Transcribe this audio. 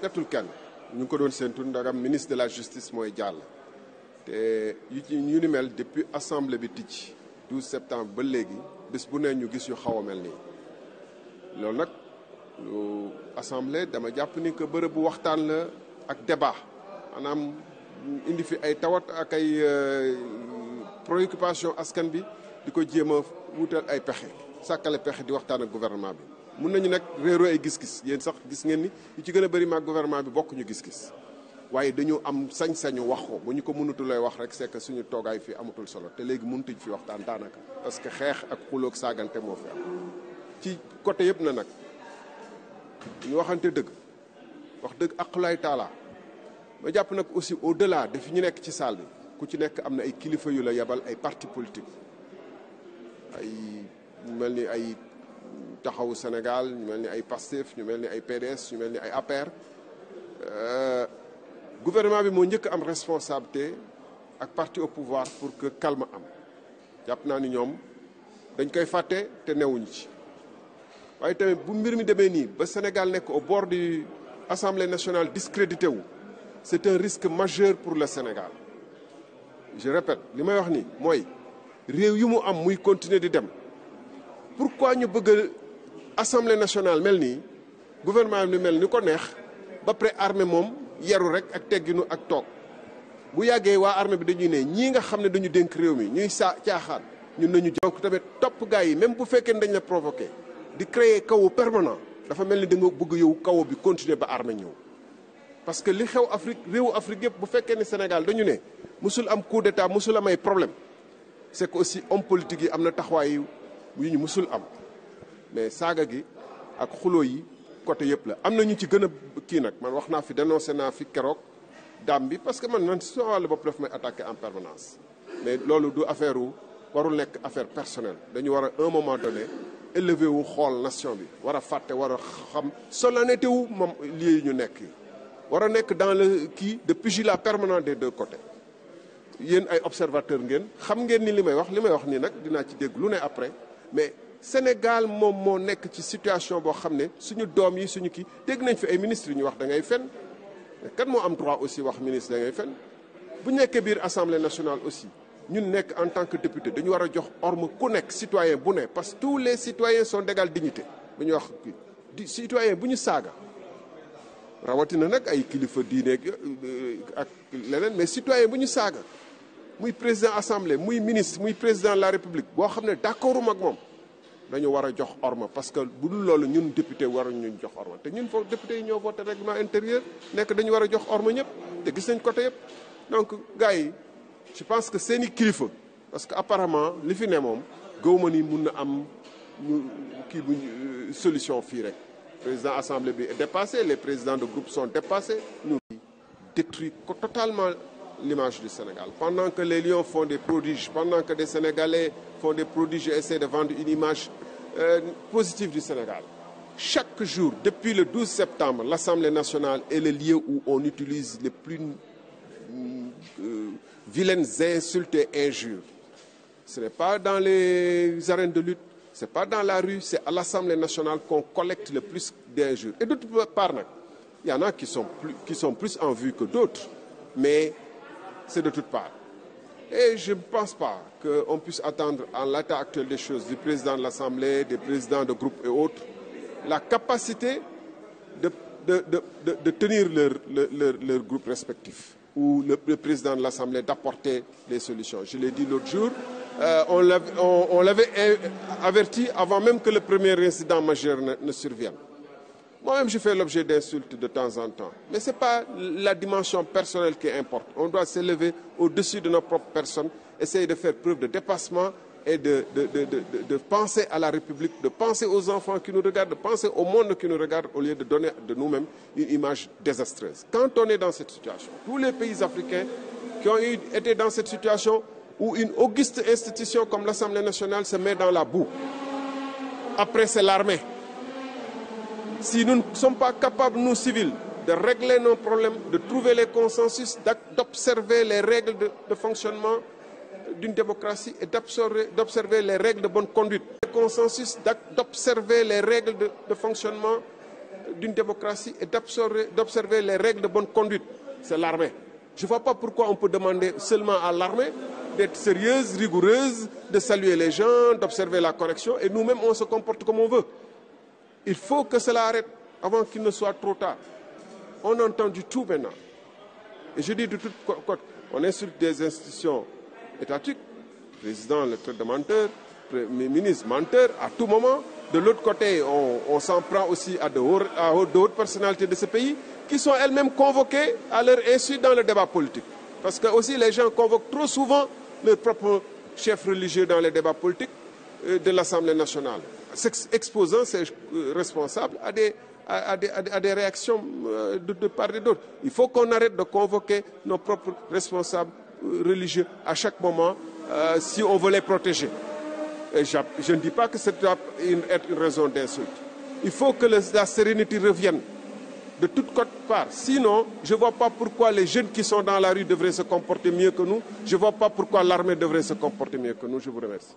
bettul kenn ñu ngi ko doon seentu ndagam ministre de la justice mooy jàll te yu ci ñu mel depuis assemblée bi ticc 12 septembre ba léegi bés bu ne ñu gis yu xaw a mel nii loolu nag lu assemblée dama jàpp ni que bërëb bu waxtaan la ak débat maanaam indi fi ay tawat ak ay euh, préoccupation askan bi diko djema jéem wutal ay pexé sakale pexé di waxtaan ak gouvernement bi mun nañu nag réeroo ay gis-gis yéen sax gis ngeen ni yu ci gën a bëri maag gouvernement bi bokkuñu gis-gis waaye dañu am sañ-sañu wax ko bu ñu ko mënutu lay wax rek c'est suñu toogaay fi amatul solo te léegi mënutuñ fi waxtaan daanaka parce que xeex ak xuloog saagante moo fi am ci côté yëpp na nag ñu waxante dëgg wax dëgg aqulaay taala ma jàpp nag aussi au delà dafi ñu nekk ci saal bi ku ci nekk am na ay kilifa yu la yebal ay parti politique ay mel ni ay taxaw Sénégal ñu sommes ay PASTEF ñu melni ay PDS ñu melni ay APR euh, gouvernement bi une ñëk am responsabilité ak parti au pouvoir pour que calme am calme. Nous ni ñom dañ koy nous té néwuñ ci waaye tamit bu Sénégal est au bord de l'Assemblée nationale discrédité wu c'est un risque majeur pour le Sénégal je répète limay wax ni moy réew yu mu am muy continuer di dem pourquoi ñu bëgg assemblée nationale Melni, gouvernement Melni mel ni ko neex ba pare armée moom yaru rek ak tegginu ak toog bu yàggee waa armée bi dañuy ne ñii nga xam ne dañu dénk réew mi ñuy saa caaxaan ñun nañu donc tamit topp gars yi même bu fekkee ne dañ la provoqué di créer kawu permanent dafa mel de da nga bëgg yow kawu bi continuer ba armée ñëw parce que li xew Afrique réewu Afrique yëpp bu fekkee ne Sénégal dañu ne musul am coup d'état musul am ay problème c'est que aussi homme politique yi am na taxawaay yu ñu musul am mais saga gi ak xulo yi côté yëpp la amna ñu ci gëna ki nak man waxna fi dénoncé na fi kérok daam bi parce que man man so wala bop daf may attaqué en permanence mais lolu du affaire wu warul nek affaire personnelle dañu wara un moment donné élevé wu xol nation bi wara faté wara xam solennité wu moom lii ñu nek wara nek dans le qui de pugilat permanent des deux côtés yeen ay observateur ngeen xam ngeen ni li wax limay wax ni nak dina ci dégg lu après mais Sénégal mom mo nek ci situation bo xamné suñu dom yi suñu ki dégg nañ fi ay ministre ñu wax da ngay fenn kan mo am droit aussi wax ministre da ngay fenn bu nekkee biir assemblée nationale aussi ñun nek en tant que député dañu wara jox orme ku nek citoyen bu ne parce que tous les citoyens sont d'égale dignité bu ñu wax di citoyen bu ñu rawati na nak ay kilifa diine euh, ak leneen mais citoyen bu ñu saga muy président assemblée muy ministre muy président de la république bo xamné d'accordum ak mom nous avons jox orma parce que bu dul loolu ñun député waruñu ñu jox orma té ñun foofu député ñoo règlement intérieur nous dañu wara jox orma ñep te gis nañ côté yëpp donc gars je pense que c'est ni kilifa parce que apparemment li fi ne mom gëw ni mën na am ñu euh, solution fi rek président assemblée bi est dépassé les présidents de groupe sont dépassés nous détruit totalement l'image du Sénégal. Pendant que les Lions font des prodiges, pendant que des Sénégalais font des prodiges et essaient de vendre une image euh, positive du Sénégal, chaque jour, depuis le 12 septembre, l'Assemblée nationale est le lieu où on utilise les plus mm, euh, vilaines insultes et injures. Ce n'est pas dans les arènes de lutte, ce n'est pas dans la rue, c'est à l'Assemblée nationale qu'on collecte le plus d'injures. Et d'autre part, il y en a qui sont plus, qui sont plus en vue que d'autres, mais c'est de toutes parts. Et je ne pense pas qu'on puisse attendre, en l'état actuel des choses, du président de l'Assemblée, des présidents de groupes et autres, la capacité de, de, tenir leur, groupe respectif ou le, président de l'Assemblée d'apporter des solutions. Je l'ai dit l'autre jour, euh, on l'avait averti avant même que le premier incident majeur ne survienne. Moi-même, je fais l'objet d'insultes de temps en temps. Mais ce n'est pas la dimension personnelle qui importe. On doit s'élever au-dessus de nos propres personnes, essayer de faire preuve de dépassement et de, de, penser à la République, de penser aux enfants qui nous regardent, de penser au monde qui nous regarde, au lieu de donner de nous-mêmes une image désastreuse. Quand on est dans cette situation, tous les pays africains qui ont été dans cette situation où une auguste institution comme l'Assemblée nationale se met dans la boue, après c'est l'armée si nous ne sommes pas capables, nous civils, de régler nos problèmes, de trouver les consensus, d'observer les règles de, fonctionnement d'une démocratie et d'observer les règles de bonne conduite. Le consensus, d'observer les règles de, de fonctionnement d'une démocratie et d'observer les règles de bonne conduite. C'est l'armée. Je ne vois pas pourquoi on peut demander seulement à l'armée d'être sérieuse, rigoureuse, de saluer les gens, d'observer la correction, et nous-mêmes, on se comporte comme on veut. Il faut que cela arrête avant qu'il ne soit trop tard. On entend du tout maintenant. Et je dis de toute côte, on insulte des institutions étatiques, président le traite de menteur, ministre menteur, à tout moment. De l'autre côté, on, s'en prend aussi à d'autres personnalités de ce pays qui sont elles-mêmes convoquées à leur insu dans le débat politique. Parce que aussi les gens convoquent trop souvent leurs propres chefs religieux dans les débats politiques euh, de l'Assemblée nationale exposant ces euh, responsables à des, des, des réactions euh, de, part et d'autre. Il faut qu'on arrête de convoquer nos propres responsables euh, religieux à chaque moment si on veut les protéger. je, ne dis pas que ça doit une, être une raison d'insulte. Il faut que la sérénité revienne de toutes parts. Sinon, je ne vois pas pourquoi les jeunes qui sont dans la rue devraient se comporter mieux que nous. Je ne vois pas pourquoi l'armée devrait se comporter mieux que nous. Je vous remercie.